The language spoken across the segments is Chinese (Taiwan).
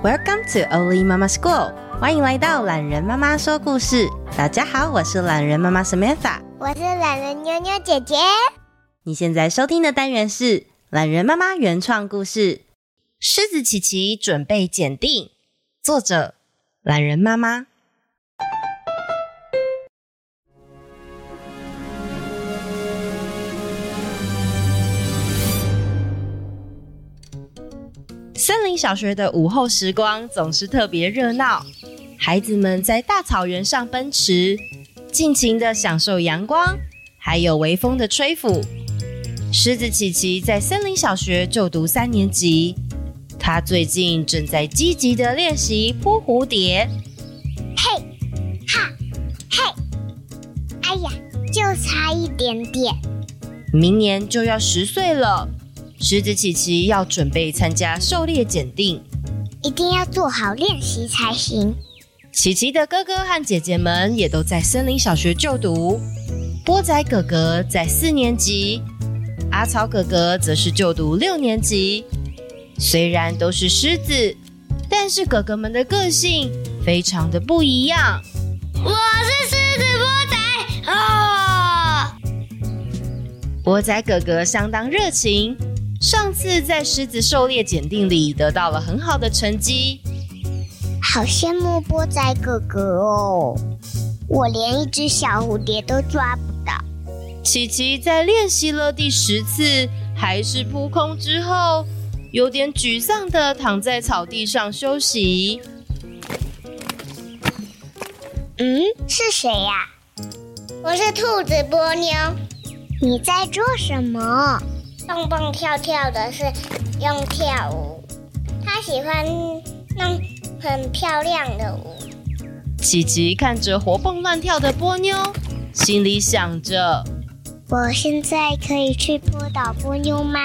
Welcome to Oli Mama School，歡迎來到懶人媽媽說故事。大家好，我是懶人媽媽 Samantha，我是懶人妞妞姐姐。你現在收聽的單元是懶人媽媽原創故事《獅子琪琪準備檢定》，作者懶人媽媽。森林小學的午後時光總是特別熱鬧，孩子們在大草原上奔馳，盡情的享受陽光，還有微風的吹拂。獅子琪琪在森林小學就讀三年級，她最近正在積極的練習撲蝴蝶。嘿，哈，嘿，哎呀，就差一點點！明年就要十歲了。獅子琪琪要準備參加狩獵檢定，一定要做好練習才行。琪琪的哥哥和姐姐們也都在森林小學就讀。波仔哥哥在四年級，阿草哥哥則是就讀六年級。雖然都是獅子，但是哥哥們的個性非常的不一樣。我是獅子波仔啊！哦！波仔哥哥相當熱情。上次在獅子狩獵檢定裡得到了很好的成績，好羨慕波仔哥哥哦！我連一只小蝴蝶都抓不到。琪琪在練習了第十次還是撲空之後，有點沮喪的躺在草地上休息。嗯，是誰呀？我是兔子波妞。你在做什麼？蹦蹦跳跳的是用跳舞，他喜歡弄很漂亮的舞。琪琪看着活蹦亂跳的波妞，心裡想着：“我現在可以去撲倒波妞嗎？”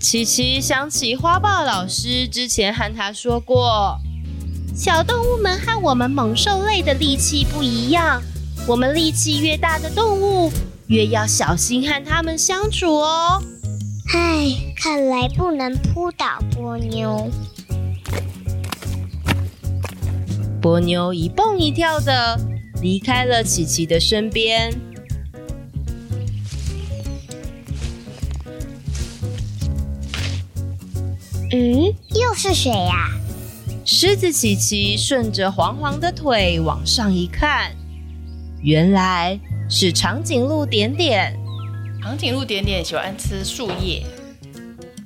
琪琪想起花豹老師之前和他說過：“小動物們和我們猛獸類的力氣不一樣，我們力氣越大的動物越要小心和它們相處哦。”唉，看來不能撲倒波妞。波妞一蹦一跳的離開了琪琪的身邊。嗯，又是誰呀、啊？獅子琪琪順着黃黃的腿往上一看，原來是長頸鹿點點。長頸鹿點點喜歡吃樹葉，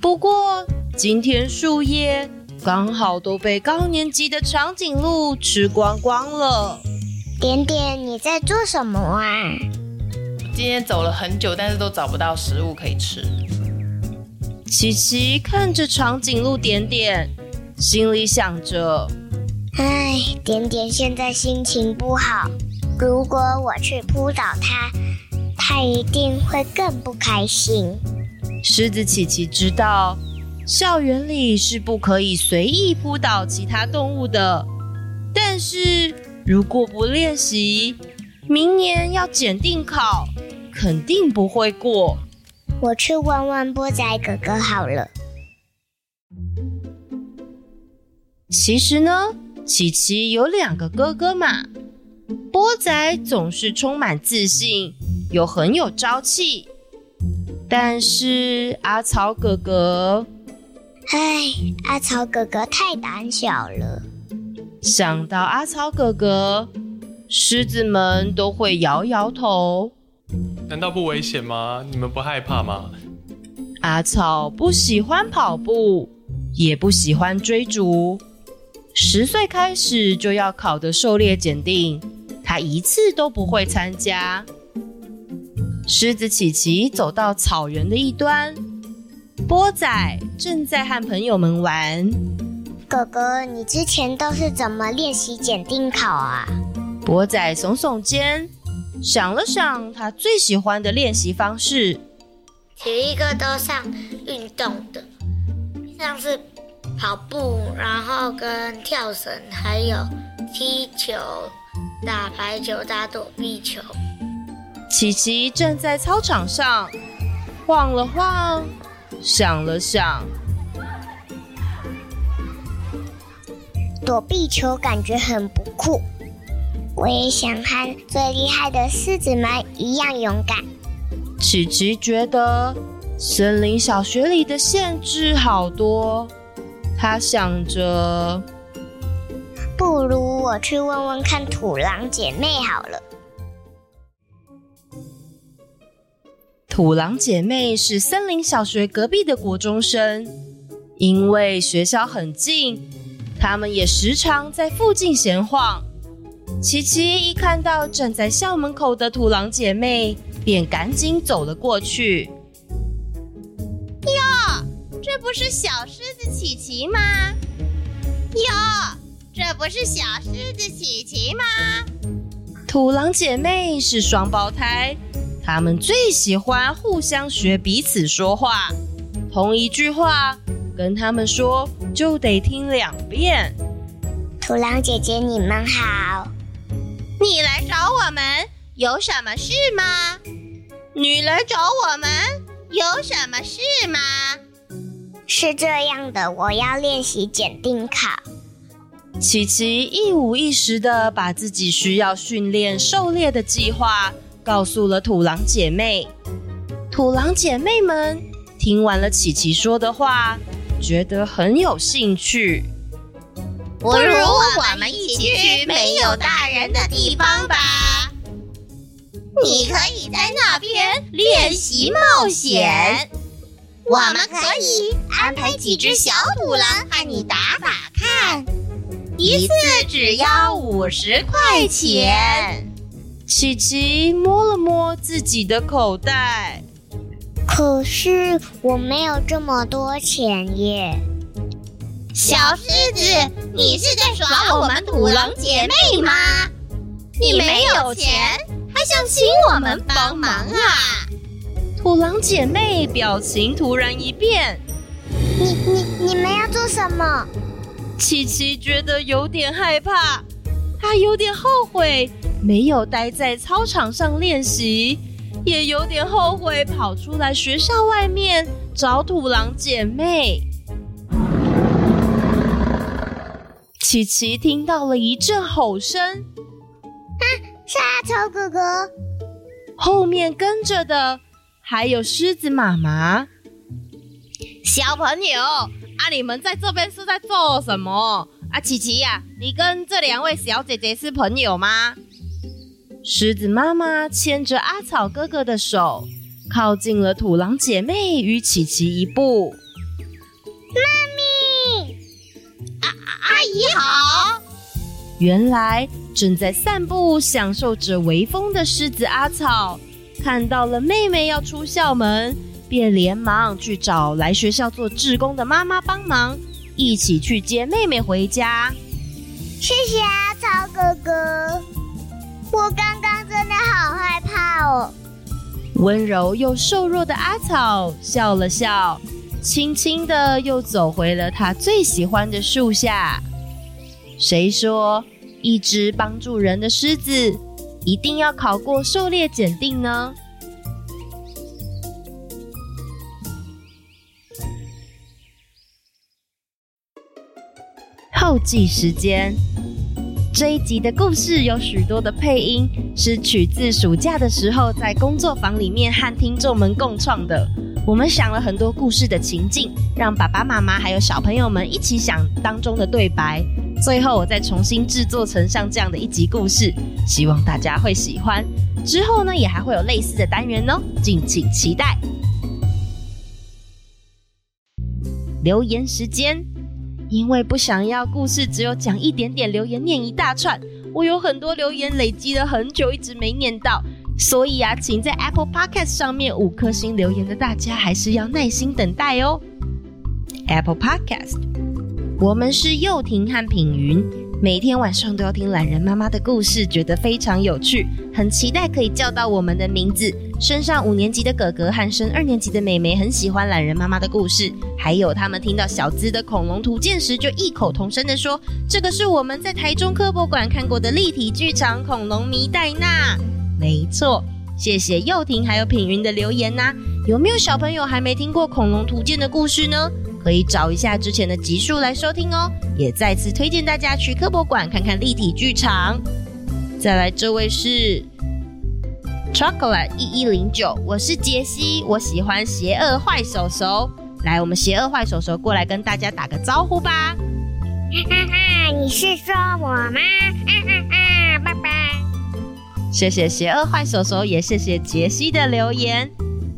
不過今天樹葉剛好都被高年級的長頸鹿吃光光了。點點，你在做什麼啊？我今天走了很久，但是都找不到食物可以吃。琪琪看着長頸鹿點點，心裡想着：唉，點點現在心情不好。如果我去撲倒它，他一定會更不開心。獅子琪琪知道，校園裡是不可以隨意撲倒其他動物的。但是，如果不練習，明年要檢定考，肯定不會過。我去問問波仔哥哥好了。其實呢，琪琪有兩個哥哥嘛。波仔總是充滿自信。有很有朝氣，但是阿草哥哥，唉，阿草哥哥太膽小了。想到阿草哥哥，獅子們都會搖搖頭。難道不危險嗎？你們不害怕嗎？嗯、阿草不喜歡跑步，也不喜歡追逐。十歲開始就要考的狩獵檢定，他一次都不會參加。獅子琪琪走到草原的一端，波仔正在和朋友們玩。哥哥，你之前都是怎麼練習檢定考啊？波仔聳聳肩，想了想他最喜歡的練習方式。體育課都上運動的，像是跑步，然後跟跳繩，還有踢球、打排球、打躲避球。琪琪站在操場上，晃了晃，想了想，躲避球感覺很不酷。我也想和最厲害的獅子們一樣勇敢。琪琪覺得森林小學裡的限制好多，她想着，不如我去問問看土狼姐妹好了。土狼姐妹是森林小學隔壁的國中生，因為學校很近，她們也時常在附近閒晃。琪琪一看到站在校門口的土狼姐妹，便趕緊走了過去。喲，這不是小獅子琪琪嗎？喲，這不是小獅子琪琪嗎？土狼姐妹是雙胞胎。他們最喜歡互相學彼此說話，同一句話跟他們說就得聽兩遍。土狼姐姐，你們好，你來找我們有什麼事嗎？你來找我們有什麼事嗎？是這樣的，我要練習檢定考。琪琪一五一十的把自己需要訓練狩獵的計劃。告訴了土狼姐妹，土狼姐妹們聽完了琪琪說的話，覺得很有興趣。不如我們一起去沒有大人的地方吧？你可以在那邊練習冒險，我們可以安排幾隻小土狼和你打打看，一次只要五十塊錢。琪琪摸了摸自己的口袋，可是我沒有這麼多錢耶。小獅子，你是在耍我們土狼姐妹嗎？你沒有錢，還想請我們幫忙啊？土狼姐妹表情突然一變，你你你們要做什麼？琪琪覺得有點害怕，她有點後悔。沒有待在操場上練習，也有點後悔跑出來學校外面找土狼姐妹。 琪琪聽到了一陣吼聲，啊，沙丘哥哥，後面跟着的還有獅子媽媽。小朋友，啊，你們在這邊是在做什麼？啊，琪琪呀、啊，你跟這兩位小姐姐是朋友嗎？獅子媽媽牽着阿草哥哥的手，靠近了土狼姐妹與琪琪一步。媽咪阿、啊、阿姨好。原來正在散步、享受着微風的獅子阿草，看到了妹妹要出校門，便連忙去找來學校做志工的媽媽幫忙，一起去接妹妹回家。謝謝阿、啊、草哥哥。我剛剛真的好害怕哦！溫柔又瘦弱的阿草笑了笑，輕輕的又走回了他最喜歡的樹下。誰說一隻幫助人的獅子一定要考過狩獵檢定呢？後記時間。這一集的故事有許多的配音，是取自暑假的時候在工作坊裡面和聽眾們共創的。我們想了很多故事的情境，讓爸爸媽媽還有小朋友們一起想當中的對白，最後我再重新制作成像這樣的一集故事，希望大家會喜歡。之後呢，也還會有類似的單元哦，敬請期待。留言時間。因為不想要故事只有講一點點，留言念一大串。我有很多留言累積了很久，一直沒念到。所以啊，請在 Apple Podcast 上面五顆星留言的大家，還是要耐心等待哦。Apple Podcast，我們是幼婷和品云。每天晚上都要聽欖仁媽媽的故事，覺得非常有趣，很期待可以叫到我們的名字。升上五年級的哥哥和升二年級的妹妹很喜歡欖仁媽媽的故事，還有他們聽到小資的恐龍圖鑑時，就異口同聲的說：“這個是我們在台中科博館看過的立體劇場恐龍迷戴娜。”沒錯，謝謝幼婷還有品云的留言吶、啊。有沒有小朋友還沒聽過恐龍圖鑑的故事呢？可以找一下之前的集數來收聽哦，也再次推薦大家去科博館看看立體劇場。再來這位是 Chocolate 一一零九，我是杰西，我喜歡邪惡壞手手。來，我們邪惡壞手手過來跟大家打個招呼吧。哈哈哈，你是說我嗎？啊啊啊，拜拜。謝謝邪惡壞手手，也謝謝杰西的留言。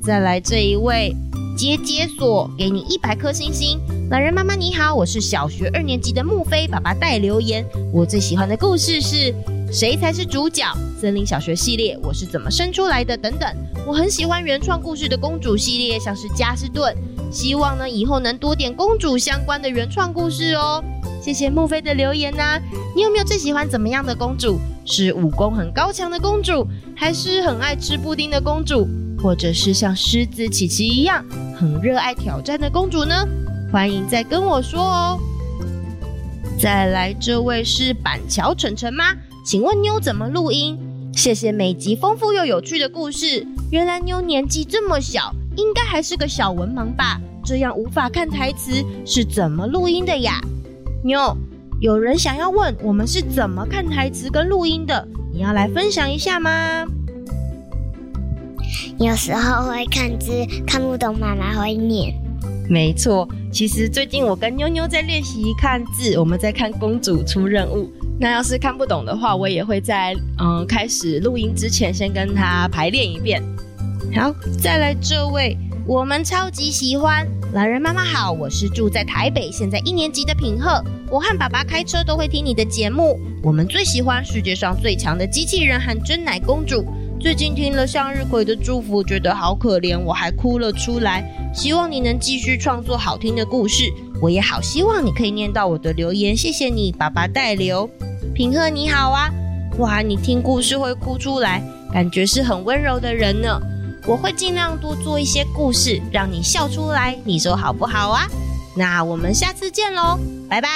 再來這一位。解解鎖，給你一百顆星星。欖仁媽媽你好，我是小學二年級的慕菲爸爸帶留言。我最喜歡的故事是誰才是主角？森林小學系列，我是怎麼生出來的？等等，我很喜歡原創故事的公主系列，像是加斯頓。希望呢以後能多點公主相關的原創故事哦。謝謝慕菲的留言吶、啊。你有沒有最喜歡怎麼樣的公主？是武功很高強的公主，還是很愛吃布丁的公主，或者是像獅子琪琪一樣？很熱愛挑戰的公主呢，歡迎再跟我說哦。再來，這位是板橋晨晨媽。請問妞怎麼錄音？謝謝每集豐富又有趣的故事。原來妞年紀這麼小，應該還是個小文盲吧？這樣無法看台詞，是怎麼錄音的呀？妞，有人想要問我們是怎麼看台詞跟錄音的，你要來分享一下嗎？有時候會看字看不懂，媽媽會念。沒錯，其實最近我跟妞妞在練習看字，我們在看《公主出任務》。那要是看不懂的話，我也會在嗯開始錄音之前先跟她排練一遍。好，再來這位，我們超級喜歡。欖仁媽媽好，我是住在台北，現在一年級的品鶴。我和爸爸開車都會聽你的節目，我們最喜歡世界上最強的機器人和珍奶公主。最近聽了向日葵的祝福，覺得好可憐，我還哭了出來。希望你能繼續創作好聽的故事，我也好希望你可以念到我的留言。謝謝你，爸爸代留。平賀你好啊，哇，你聽故事會哭出來，感覺是很溫柔的人呢。我會盡量多做一些故事，讓你笑出來。你說好不好啊？那我們下次見嘍，拜拜。